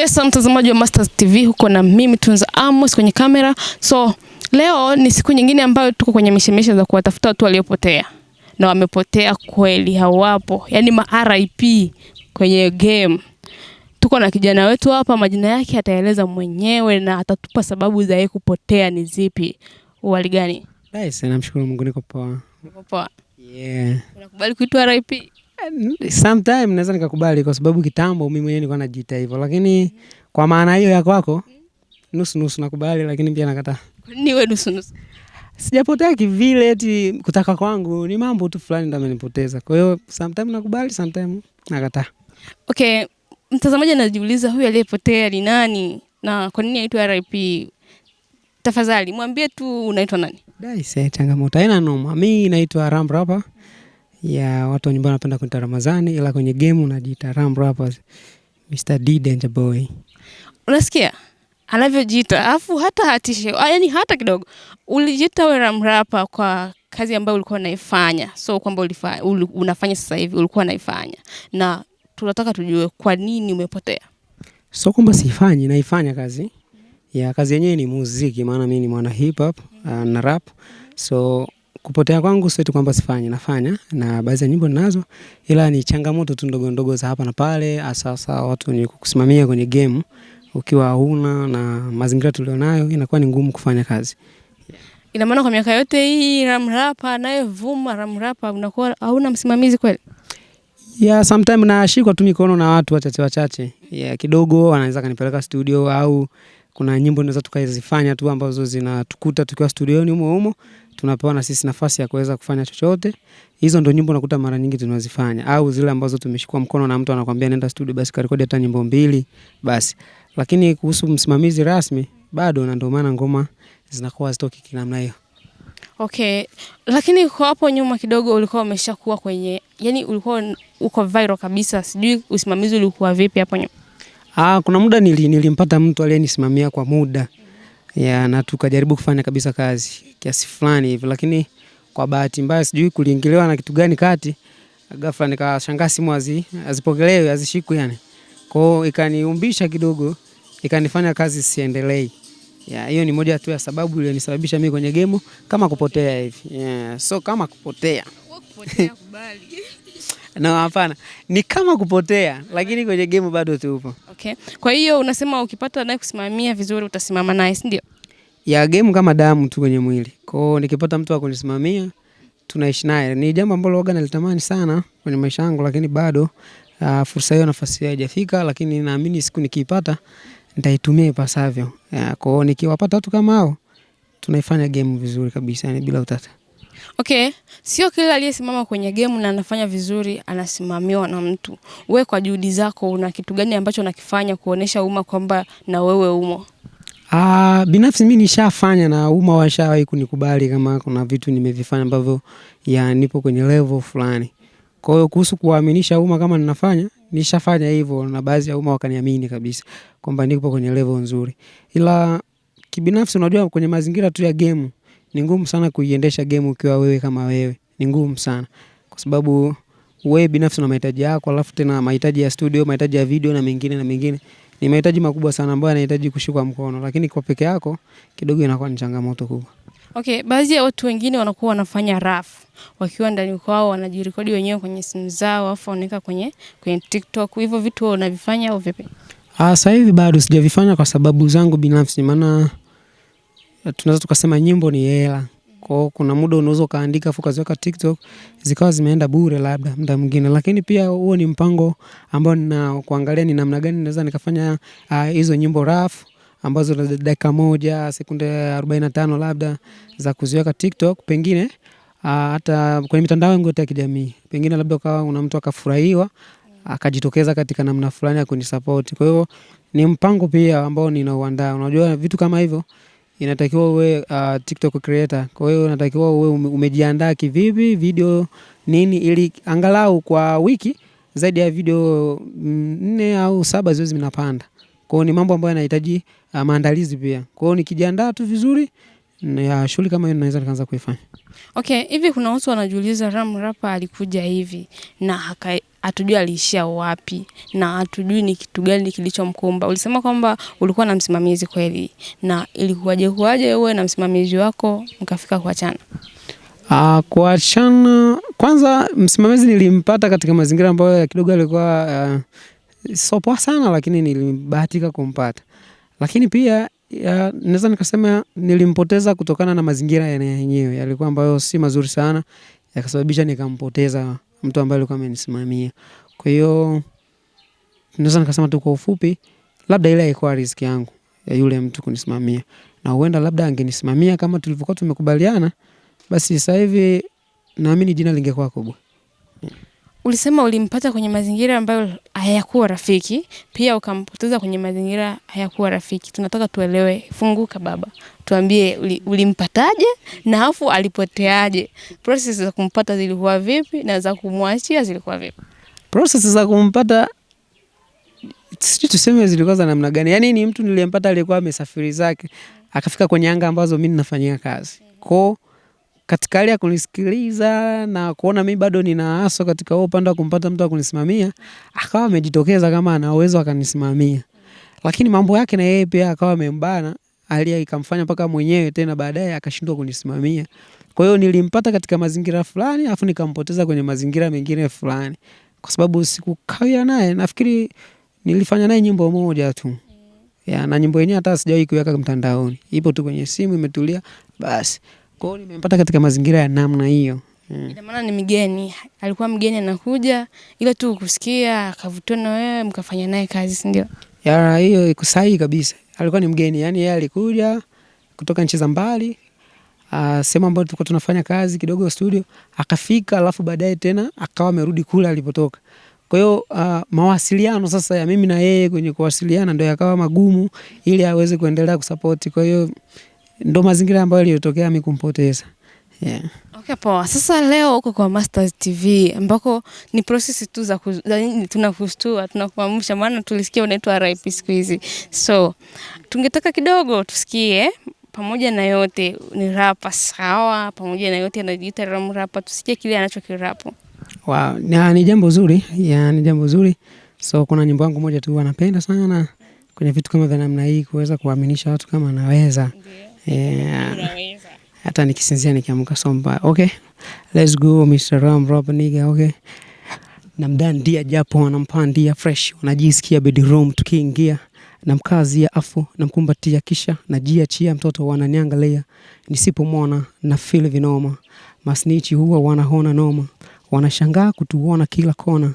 Yes, mtazamaji wa Mastaz TV huko na mimi Tunza Amos kwenye kamera. So leo ni siku nyingine ambayo tuko kwenye mishemisha za kuwatafuta watu waliopotea, na wamepotea kweli, hawapo yaani ma RIP kwenye game. Tuko na kijana wetu hapa, majina yake ataeleza mwenyewe na atatupa sababu za yeye kupotea ni zipi. Hali gani? Namshukuru Mungu, niko poa. Niko poa. Yeah. Unakubali kuitwa RIP? sometime naweza nikakubali kwa sababu kitambo mimi mwenyewe nilikuwa najiita hivyo, lakini kwa maana hiyo ya kwako nusu nusu nakubali, lakini pia nakataa. wewe nusu nusu, sijapotea kivile eti kutaka kwangu, ni mambo tu fulani ndio amenipoteza. Kwa hiyo sometime nakubali, sometime nakataa. Okay, mtazamaji anajiuliza huyu aliyepotea ni nani na kwa nini aitwa RIP? Tafadhali mwambie tu unaitwa nani. Dai, sasa changamoto haina noma. Mimi naitwa Ramrapa ya watu wa nyumbani wanapenda kuita Ramazani, ila kwenye game unajiita Ram Rappers, Mr D Danger Boy. Unasikia anavyojiita, alafu hata hatishe, ah, yani hata kidogo. Ulijiita we Ram Rapper kwa kazi ambayo ulikuwa unaifanya, so kwamba unafanya sasa hivi, ulikuwa unaifanya, na tunataka tujue kwa nini umepotea. So kwamba siifanyi, naifanya kazi ya kazi yenyewe ni muziki, maana mimi ni mwana hip hop ah, na rap so kupotea kwangu sio tu kwamba sifanye, nafanya na baadhi ya nyimbo ninazo, ila ni changamoto tu ndogo ndogo za hapa na pale. Hasa watu ni kukusimamia kwenye game ukiwa huna na mazingira tulionayo, inakuwa ni ngumu kufanya kazi. Ina maana kwa miaka yote hii ramrapa anayevuma ramrapa, unakuwa hauna msimamizi kweli? Yeah, sometimes nashikwa tu mikono na watu wachache wachache. Yeah, kidogo wanaweza kanipeleka studio au kuna nyimbo naweza tukazifanya tu ambazo zinatukuta tukiwa studioni humo humo tunapewa na sisi nafasi ya kuweza kufanya chochote. Hizo ndo nyimbo nakuta mara nyingi tunazifanya, au zile ambazo tumeshikwa mkono na mtu anakwambia nenda studio, basi karekodi hata nyimbo mbili basi. Lakini kuhusu msimamizi rasmi bado, na ndio maana ngoma zinakuwa zitoki kinamna hiyo. Okay, lakini kwa hapo nyuma kidogo ulikuwa umeshakuwa kwenye, yani ulikuwa uko viral kabisa, sijui usimamizi ulikuwa vipi hapo nyuma? Ah, kuna muda nilimpata nili, mtu aliyenisimamia kwa muda ya na tukajaribu kufanya kabisa kazi kiasi fulani hivi, lakini kwa bahati mbaya sijui kuliingiliwa na kitu gani kati, ghafla nikashangaa simu azipokelewe azishikwe yani, kwao ikaniumbisha kidogo, ikanifanya kazi siendelei. Ya hiyo ni moja tu ya sababu iliyonisababisha mimi kwenye gemu kama kupotea hivi. Yeah, so kama kupotea No, hapana, ni kama kupotea, lakini kwenye game bado tupo. Okay. Kwa hiyo unasema ukipata naye kusimamia vizuri utasimama naye, si ndio? Ya game kama damu tu kwenye mwili. Kwa hiyo nikipata mtu wa kunisimamia tunaishi naye. Ni jambo ambalo waga nalitamani sana kwenye maisha yangu, lakini bado uh, fursa hiyo, nafasi hiyo haijafika, lakini naamini siku nikiipata nitaitumia ipasavyo. Kwa hiyo nikiwapata watu kama hao tunaifanya game vizuri kabisa, yani bila utata. Okay, sio kila aliyesimama kwenye game na anafanya vizuri anasimamiwa na mtu. Wewe kwa juhudi zako una kitu gani ambacho unakifanya kuonesha umma kwamba na wewe umo? Ah, binafsi mimi nishafanya na umma washawahi kunikubali kama kuna vitu nimevifanya ambavyo ya nipo kwenye level fulani. Kwa hiyo kuhusu kuaminisha umma kama ninafanya, nishafanya hivyo na baadhi ya umma wakaniamini kabisa kwamba nipo kwenye level nzuri. Ila kibinafsi, unajua kwenye mazingira tu ya game ni ngumu sana kuiendesha game ukiwa wewe kama wewe, ni ngumu sana kwa sababu wewe binafsi una mahitaji yako, alafu tena mahitaji ya studio, mahitaji ya video na mengine na mengine, ni mahitaji makubwa sana ambayo yanahitaji kushikwa mkono, lakini kwa peke yako kidogo inakuwa ni changamoto kubwa. Okay, baadhi ya watu wengine wanakuwa wanafanya rafu wakiwa ndani kwao, wanajirekodi wenyewe kwenye simu zao, afu wanaweka kwenye kwenye TikTok. Hivyo vitu unavifanya au vipi? Ah, sasa hivi bado sijavifanya kwa sababu zangu binafsi, maana tunaweza tukasema nyimbo ni hela kwao. Kuna muda unaweza ukaandika afu ukaziweka TikTok zikawa zimeenda bure, labda muda mwingine, lakini pia huo ni mpango ambao nina kuangalia ni namna gani naweza nikafanya ah, hizo uh, nyimbo rafu ambazo dakika moja sekunde 45 labda za kuziweka TikTok, pengine Uh, hata kwenye mitandao yangu ya kijamii, pengine labda ukawa una mtu akafurahiwa akajitokeza katika namna fulani ya kunisupport. Kwa hiyo ni mpango pia ambao ninauandaa, unajua vitu kama hivyo inatakiwa uwe uh, TikTok creator. Kwa hiyo unatakiwa uwe umejiandaa kivipi, video nini, ili angalau kwa wiki zaidi ya video nne au saba ziwe zinapanda. Kwa hiyo ni mambo ambayo yanahitaji uh, maandalizi pia. Kwa hiyo nikijiandaa tu vizuri na shughuli kama hiyo naweza nikaanza kuifanya. Okay, hivi kuna watu wanajiuliza Ramrapa alikuja hivi na hatujui aliishia wapi na hatujui ni kitu gani kilichomkumba. Ulisema kwamba ulikuwa na msimamizi kweli, na ilikuwaje kuwaje uwe na msimamizi wako mkafika kuachana? Uh, kuachana, kwanza msimamizi nilimpata katika mazingira ambayo kidogo alikuwa uh, sio poa sana, lakini nilibahatika kumpata, lakini pia naweza nikasema nilimpoteza kutokana na mazingira yenyewe yalikuwa ambayo si mazuri sana, yakasababisha nikampoteza mtu ambaye alikuwa amenisimamia. Kwa hiyo naweza nikasema tu kwa ufupi, labda ile ilikuwa riziki yangu ya yule mtu kunisimamia, na huenda labda angenisimamia kama tulivyokuwa tumekubaliana, basi sasa hivi naamini jina lingekuwa kubwa. Ulisema ulimpata kwenye mazingira ambayo hayakuwa rafiki, pia ukampoteza kwenye mazingira hayakuwa rafiki. Tunataka tuelewe, funguka baba, tuambie ulimpataje uli na afu alipoteaje? Process za kumpata zilikuwa vipi na za kumwachia zilikuwa vipi? Process za kumpata sijui tuseme zilikuwa za namna gani? Yani ni mtu niliyempata alikuwa amesafiri zake akafika kwenye anga ambazo mimi ninafanyia kazi kwao katika hali ya kunisikiliza na kuona mimi bado nina aso katika huo upande wa kumpata mtu wa kunisimamia, akawa amejitokeza kama ana uwezo akanisimamia, lakini mambo yake na yeye pia akawa amembana hali ikamfanya mpaka mwenyewe tena baadaye akashindwa kunisimamia. Kwa hiyo nilimpata katika mazingira fulani, afu nikampoteza kwenye mazingira mengine fulani, kwa sababu sikukawia naye. Nafikiri nilifanya naye nyimbo moja tu mm. ya, na nyimbo yenyewe hata sijawahi kuweka mtandaoni, ipo tu kwenye simu imetulia basi. Kwa hiyo nimempata katika mazingira ya namna hiyo. Mm. Ina maana ni mgeni, alikuwa mgeni anakuja ila tu kusikia akavutiwa na wewe mkafanya naye kazi, si ndio? Ya hiyo iko sahihi kabisa. Alikuwa ni mgeni, yani yeye alikuja kutoka nchi za mbali. Uh, sehemu ambayo tulikuwa tunafanya kazi kidogo studio, akafika alafu baadaye tena akawa amerudi kule alipotoka. Kwa hiyo uh, mawasiliano sasa ya mimi na yeye kwenye kuwasiliana ndio yakawa magumu ili aweze kuendelea kusapoti. Kwa hiyo ndo mazingira ambayo yaliyotokea mimi kumpoteza. Yeah. Okay, poa. Sasa leo uko kwa Mastaz TV ambako ni process tu za tunakushtua, tunakuamsha, maana tulisikia unaitwa RIP siku hizi, so tungetaka kidogo tusikie pamoja na yote ni rapa sawa, pamoja na yote anajiita Ram rapa, tusikie kile anachokirapo. Wow, ni jambo zuri, Ya, ni jambo zuri. So kuna nyimbo yangu moja tu anapenda sana kwenye vitu kama vya namna hii, kuweza kuaminisha watu kama anaweza. Yeah. Yeah. Hata nikisinzia nikiamka mbaya Okay. Let's go Mr. Ram Rob nigga. Okay. Namdandia japo anampandia fresh, unajisikia bedroom tukiingia namkazia afu namkumbatia, kisha najiachia mtoto wananiangalia, nisipomwona na feel vinoma. Masnichi huwa wanahona noma, wanashangaa kutuona kila kona,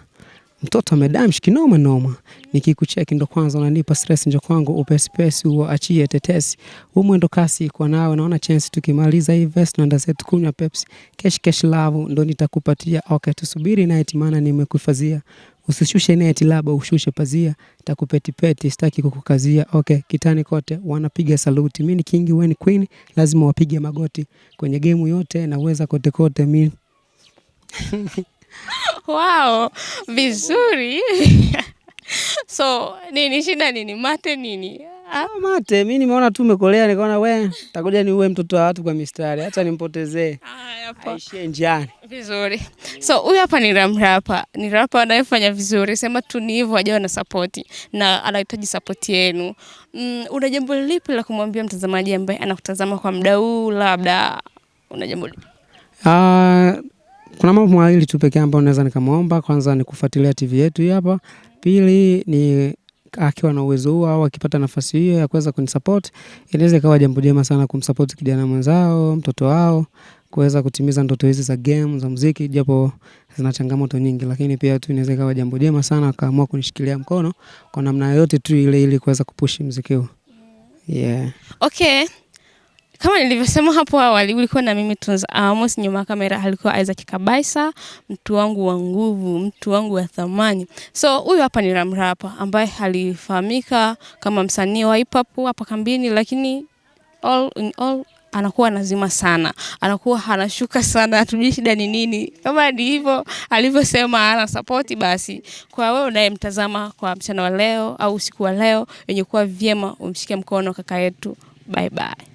mtoto amedamshi kinoma noma, nikikucheki ndo kwanza unanipa stress, njo kwangu upesi pesi, huo achie tetesi, huo mwendo kasi kwa nawe naona chance, tukimaliza hii verse tunaenda zetu kunywa Pepsi, kesh kesh love ndo nitakupatia. Okay, tusubiri night, maana nimekuhifadhia, usishushe neti, laba ushushe pazia, takupeti peti, sitaki kukukazia. Okay, kitani kote wanapiga saluti, mimi ni king, wewe ni queen, lazima wapige magoti kwenye game yote, naweza kote kote mimi Wow, vizuri so nini shida nini? Mate nini? Ah, mate mi nimeona tu umekolea, nikaona we takuja ni uwe mtoto wa watu kwa mistari, hata nimpotezee aishie njiani. Vizuri, so huyu hapa ni Ramrapa, ni rapa anayefanya vizuri, sema tu ni hivyo, ajawa na sapoti na anahitaji sapoti yenu. Mm, una jambo lipi la kumwambia mtazamaji ambaye anakutazama kwa muda huu, labda una jambo lipi? Uh, ah, kuna mambo mawili tu pekee ambayo naweza nikamwomba, kwanza ni kufuatilia TV yetu hii hapa, pili ni akiwa na uwezo huo au akipata nafasi hiyo ya kuweza kunisupport, inaweza ikawa jambo jema sana kumsupport kijana mwenzao, mtoto wao kuweza kutimiza ndoto hizi za game za muziki, japo zina changamoto nyingi, lakini pia tu inaweza ikawa jambo jema sana akaamua kunishikilia mkono kwa namna yoyote tu ile ili kuweza kupush muziki huo. Yeah. Okay. Kama nilivyosema hapo awali, ulikuwa na mimi Tunza Amos, nyuma ya kamera alikuwa Isaac Kabaisa, mtu wangu wa nguvu, mtu wangu wa thamani. So huyu hapa ni Ramrapa ambaye alifahamika kama msanii wa hip hop hapa kambini, lakini all in all anakuwa nazima sana, anakuwa anashuka sana, hatujui shida ni nini. Kama ni hivyo alivyosema, ana support basi. Kwa wewe unayemtazama kwa mchana wa leo au usiku wa leo, yenye kuwa vyema umshike mkono kaka yetu. Bye bye.